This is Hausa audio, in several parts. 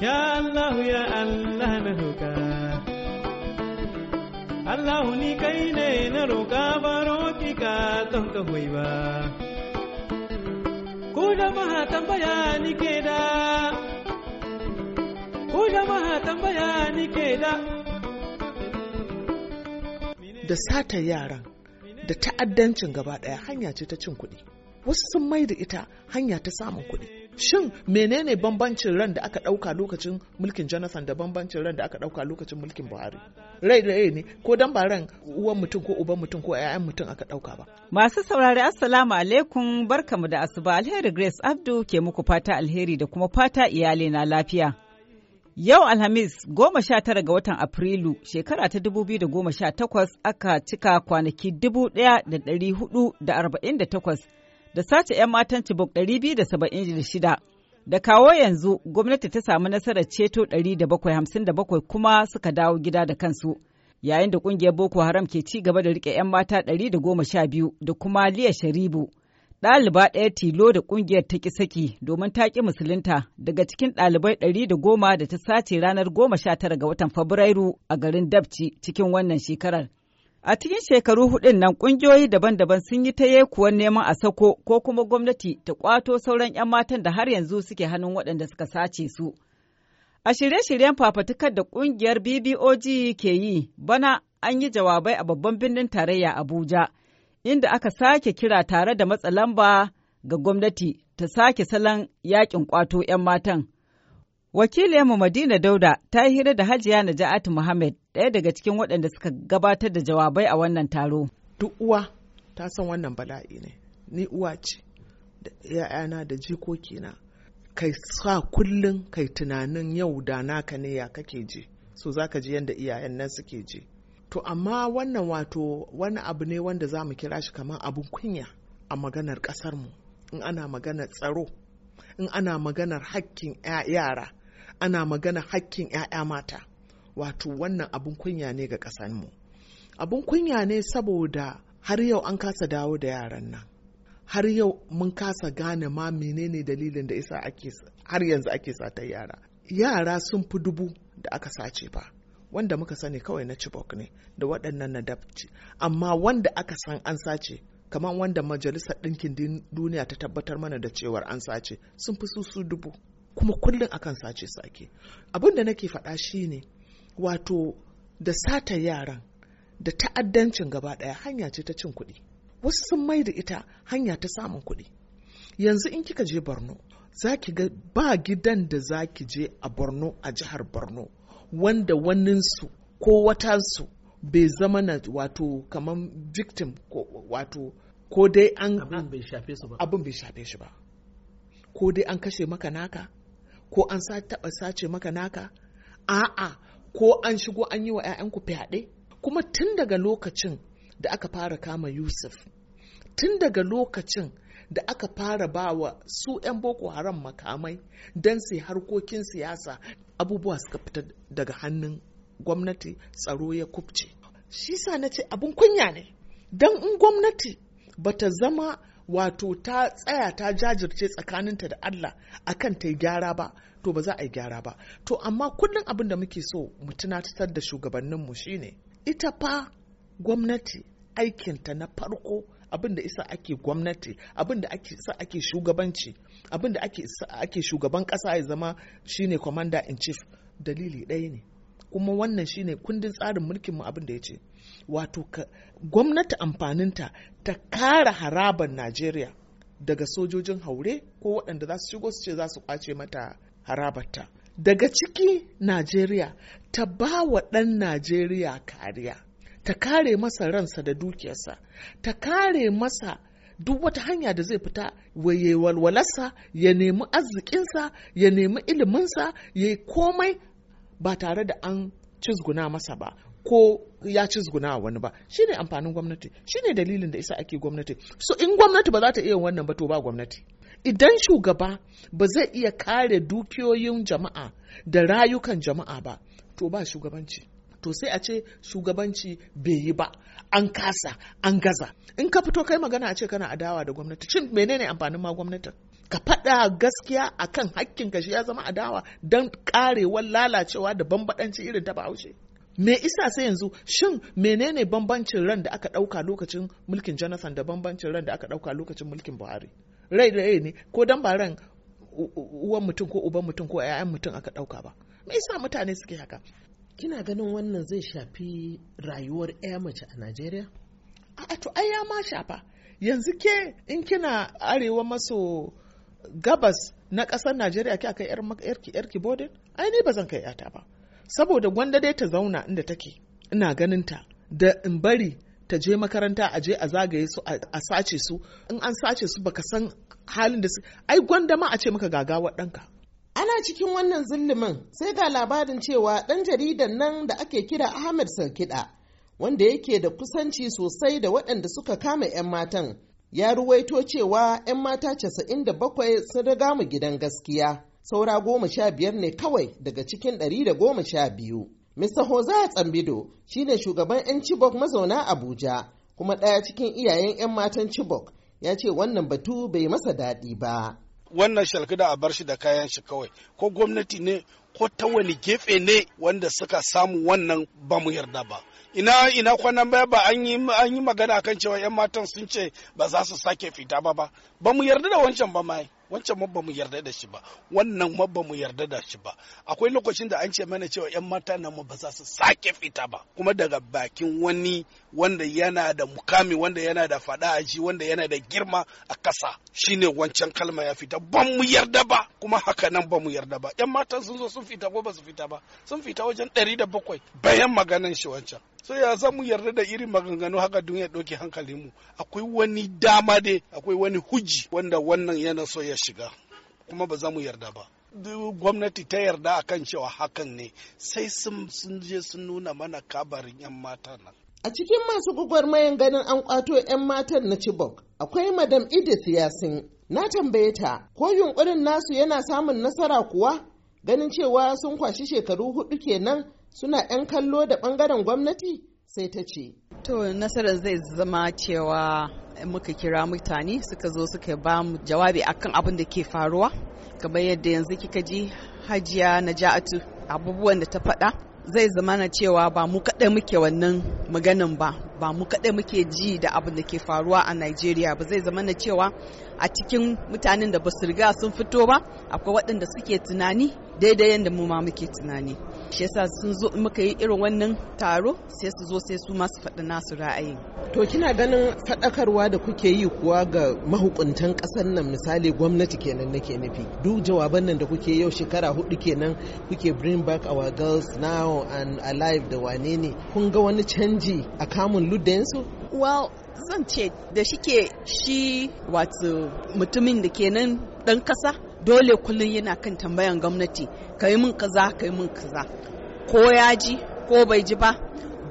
Ya Allah ya Allah na roƙa Allah ni kai ne na roƙa baro ki ka don ka hoyi ba Ku jama'a tambaya ni ke da Ku jama'a tambaya ni ke da Da satan yaran da ta'addancin gaba ɗaya hanya ce ta cin kuɗi wasu sun mai da ita hanya ta samun kuɗi shin menene bambancin ran da aka ɗauka lokacin mulkin jonathan da bambancin ran da aka ɗauka lokacin mulkin buhari rai da ne ko dan ba ran uwan mutum ko uban mutum ko ƴaƴan mutum aka ɗauka ba masu saurari assalamu alaikum barkamu da asuba alheri grace abdu ke muku fata alheri da kuma fata iyali na lafiya Yau Alhamis goma sha tara ga watan Afrilu shekara ta dubu biyu da goma sha takwas aka cika kwanaki dubu ɗaya da ɗari hudu da arba'in da takwas da sace 'yan matan Chibok 276. Da kawo yanzu gwamnati ta samu nasarar ceto 757 kuma suka dawo gida da kansu. Yayin da kungiyar Boko Haram ke ci gaba da rike 'yan mata 112 da kuma Liya Sharibu. Ɗaliba ɗaya tilo da kungiyar ta ki saki domin ta ƙi musulunta daga cikin ɗalibai ɗari da goma da ta sace ranar goma sha tara ga watan Fabrairu a garin Dabci cikin wannan shekarar. A cikin shekaru hudun nan kungiyoyi daban-daban sun yi ta yekuwar neman a sako ko kuma gwamnati ta kwato sauran 'yan matan da har yanzu suke hannun waɗanda suka sace su. A shirye-shiryen fafatukar da kungiyar BBOG ke yi bana an yi jawabai a babban birnin tarayya Abuja, inda aka sake kira tare da matsa lamba ga gwamnati ta sake salon yakin kwato 'yan matan. Wakiliyarmu Madina Dauda ta yi hira da Hajiya Naja'atu Muhammad ɗaya daga cikin waɗanda suka gabatar da jawabai a wannan taro. Duk uwa ta san wannan bala'i ne, ni uwa ce da ‘ya'yana da jikokina. Kai sa kullum kai tunanin yau da naka ne ya kake ji, so za ka ji yadda iyayen nan suke ji. To amma wannan wato wani abu ne wanda za mu kira shi kamar abin kunya a maganar ƙasarmu, in ana maganar tsaro, in ana maganar hakkin yara. ana magana hakkin 'ya'ya mata wato wannan abun kunya ne ga mu abun kunya ne saboda har yau an kasa dawo da yaran nan har yau mun kasa gane ma menene dalilin da isa ake har yanzu ake satar yara yara sun fi dubu da aka sace ba, wanda muka sani kawai na Chibok ne da waɗannan na dabci amma wanda aka san an sace kamar wanda majalisar ɗinkin duniya ta tabbatar mana da cewar an sace sun fi susu dubu kuma kullum akan sace su abin da nake faɗa shine wato da sata yaran da ta'addancin gaba ɗaya hanya ce ta cin kuɗi wasu sun mai da ita hanya ta samun kuɗi yanzu in kika je borno za ki ga ba gidan da za ki je a borno a jihar borno wanda waninsu ko watansu bai zama na wato kamar victim ko wato ko dai an abin bai shafe shi ba ko dai an kashe maka naka ko an taɓa sace maka naka a'a ko an shigo an yi wa 'ya'yanku fyaɗe kuma tun daga lokacin da aka fara kama yusuf tun daga lokacin da aka fara ba wa su 'yan boko haram makamai don su harkokin siyasa abubuwa suka fita daga hannun gwamnati tsaro ya kubce shi sa na ce abin kunya ne don in gwamnati bata zama wato ta tsaya ta jajirce tsakaninta da Allah akan ta yi gyara ba to ba za a yi gyara ba to amma kullum abin da muke so mu tunatar da shugabannin mu shine ita fa gwamnati aikinta na farko abin da isa ake gwamnati abin da ake sa ake shugabanci abin da ake ake shugaban kasa ya zama shine commander in chief dalili ɗaya ne kuma wannan shine kundin tsarin mulkin mu abin da ya ce wato gwamnati amfaninta ta kara haraban najeriya daga sojojin haure ko waɗanda za su shigo su ce za su kwace mata harabarta daga ciki najeriya ta ba wa ɗan najeriya kariya ta kare masa ransa da dukiyarsa ta kare masa duk wata hanya da zai fita ya walwalarsa ya nemi arzikinsa ya nemi iliminsa ya yi komai ba tare da an cizguna masa ba ko ya cizguna wani ba shine amfanin gwamnati shine dalilin da isa ake gwamnati so in gwamnati ba za ta iya wannan ba to ba gwamnati idan shugaba ba zai iya kare dukiyoyin jama'a da rayukan jama'a ba to ba shugabanci to sai a ce shugabanci bai yi ba an kasa an gaza in ka fito kai magana a ce kana adawa da gwamnati cin menene amfanin ma gwamnatin ka faɗa gaskiya a kan hakkin ka shi ya zama adawa don karewar lalacewa da bambaɗanci irin ta bahaushe me isa sai yanzu shin menene bambancin ran da aka ɗauka lokacin mulkin jonathan da bambancin ran da aka ɗauka lokacin mulkin buhari rai da ne ko dan ba ran uwan mutum ko uban mutum ko 'ya'yan mutum aka ɗauka ba me yasa mutane suke haka kina ganin wannan zai shafi rayuwar 'ya mace a najeriya a to ai ya ma shafa yanzu ke in kina arewa maso gabas na ƙasar najeriya ke aka yar kibodin ai ni ba zan kai yata ba saboda gwanda dai ta zauna inda take ina ganin ta da in bari ta je makaranta a je a zagaye su a sace su in an sace su baka san halin da su ai gwanda ma a ce maka gagawar ɗanka Ana cikin wannan zillumin sai ga labarin cewa ɗan jaridan nan da ake kira Ahmed Sarkida, wanda yake da kusanci sosai da waɗanda suka kama 'yan matan, ya ruwaito cewa 'yan mata 97 sun riga mu gidan gaskiya saura goma sha biyar ne kawai daga cikin ɗari da goma sha biyu. Mr. Hoza Tsambido shine shugaban 'yan Chibok mazauna Abuja kuma ɗaya cikin iyayen 'yan matan Chibok ya ce wannan batu bai masa daɗi ba. Wannan shalkida a bar shi da kayan shi kawai ko gwamnati ne ko ta wani gefe ne wanda suka samu wannan ba mu yarda ba ina ina kwanan baya ba an yi an yi magana akan cewa yan matan sun ce ba za su sake fita ba ba ba mu yarda da wancan ba mai wancan ma ba mu yarda da shi ba wannan ma ba mu yarda da shi ba akwai lokacin da an ce mana cewa yan mata nan ma ba za su sake fita ba kuma daga bakin wani wanda yana da mukami wanda yana da fada a ji wanda yana da girma a kasa shine wancan kalma ya fita ba mu yarda ba kuma haka nan ba mu yarda ba yan matan sun zo sun fita ko ba su fita ba sun fita wajen ɗari da bakwai bayan maganan shi wancan so ya za mu yarda da irin maganganu haka duniya ɗauki hankali mu akwai wani dama dai akwai wani huji wanda wannan yana so ya shiga kuma ba za mu yarda ba gwamnati ta yarda a kan cewa hakan ne sai sun je sun nuna mana kabarin 'yan mata nan A cikin masu gwagwarmayan ganin an kwato 'yan matan na Chibok, akwai Madam Idris Yasin. Na tambaye ta, ko yunkurin nasu yana samun nasara kuwa? ganin cewa sun kwashi shekaru hudu kenan suna 'yan kallo da bangaren gwamnati sai ta ce to nasarar zai zama cewa muka kira mutane suka zo suka ba mu jawabi akan abin da ke faruwa kamar yadda yanzu kika ji hajiya naja'atu abubuwan da ta faɗa zai zama na cewa ba mu kaɗai muke wannan maganin ba ba mu kaɗai muke ji da abin da ke faruwa a Najeriya ba zai zama na cewa a cikin mutanen da ba su riga sun fito ba akwai waɗanda suke tunani daidai yadda mu ma muke tunani shi yasa sun zo muka yi irin wannan taro sai su zo sai su masu faɗi nasu ra'ayin to kina ganin faɗakarwa da kuke yi kuwa ga mahukuntan ƙasar nan misali gwamnati kenan nake nufi duk jawaban nan da kuke yau shekara hudu kenan kuke bring back our girls now and alive da wane ne kun ga wani canji a kamun luddensu Well, zan ce da shike shi wato mutumin da kenan dan kasa dole kullum yana kan tambayan gwamnati ka yi min kaza ka yi min kaza ko ya ji ko bai ji ba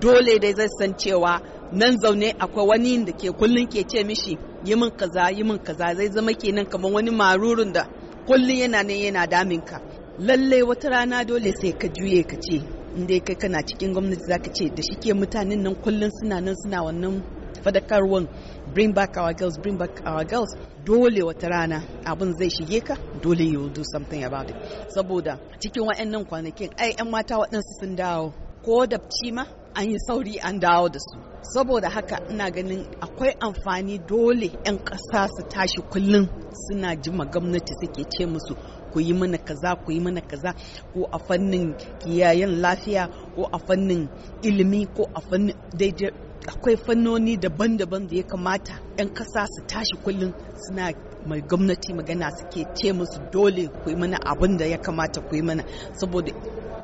dole dai zai san cewa nan zaune akwai wani da ke kullum ke ce mishi yi min kaza yi min kaza zai zama kenan kamar wani marurun da kullum yana nan yana daminka lallai wata rana dole sai ka juye ka ce ya kai kana cikin gwamnati zaka ce da shike mutanen nan kullum suna nan suna wannan fadakarwan bring back our girls bring back our girls dole wata rana abin zai shige ka dole you do something about it saboda cikin wa'annan kwanakin ai 'yan mata waɗansu sun dawo ko da ma an yi sauri an dawo da su saboda haka ina ganin akwai amfani dole 'yan ƙasa su tashi kullum suna jima gwamnati suke ce musu ku yi mana kaza ku yi mana kaza ko a fannin kiyayen lafiya ko a fannin ilimi ko a fannin daidai akwai fannoni daban-daban da ya kamata 'yan ƙasa su tashi kullum suna mai gwamnati magana suke ce musu dole ku yi mana abin da ya kamata ku yi mana saboda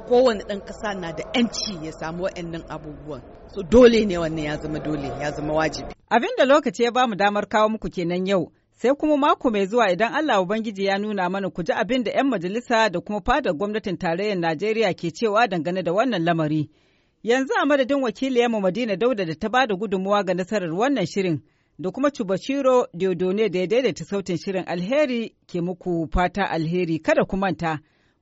kowane ɗan ƙasa na da 'yanci ya samu waɗannan abubuwan so dole ne wannan ya zama dole ya zama wajibi abin da lokaci ya bamu damar kawo muku kenan yau sai kuma mako mai zuwa idan Allah Ubangiji ya nuna mana ku ji abin da 'yan majalisa da kuma fadar gwamnatin tarayyar Najeriya ke cewa dangane da wannan lamari. Yanzu a madadin wakiliyarmu Madina Dauda da ta ba da gudunmuwa ga nasarar wannan shirin da kuma Cubashiro Diodone da ya daidaita sautin shirin alheri ke muku fata alheri kada ku manta.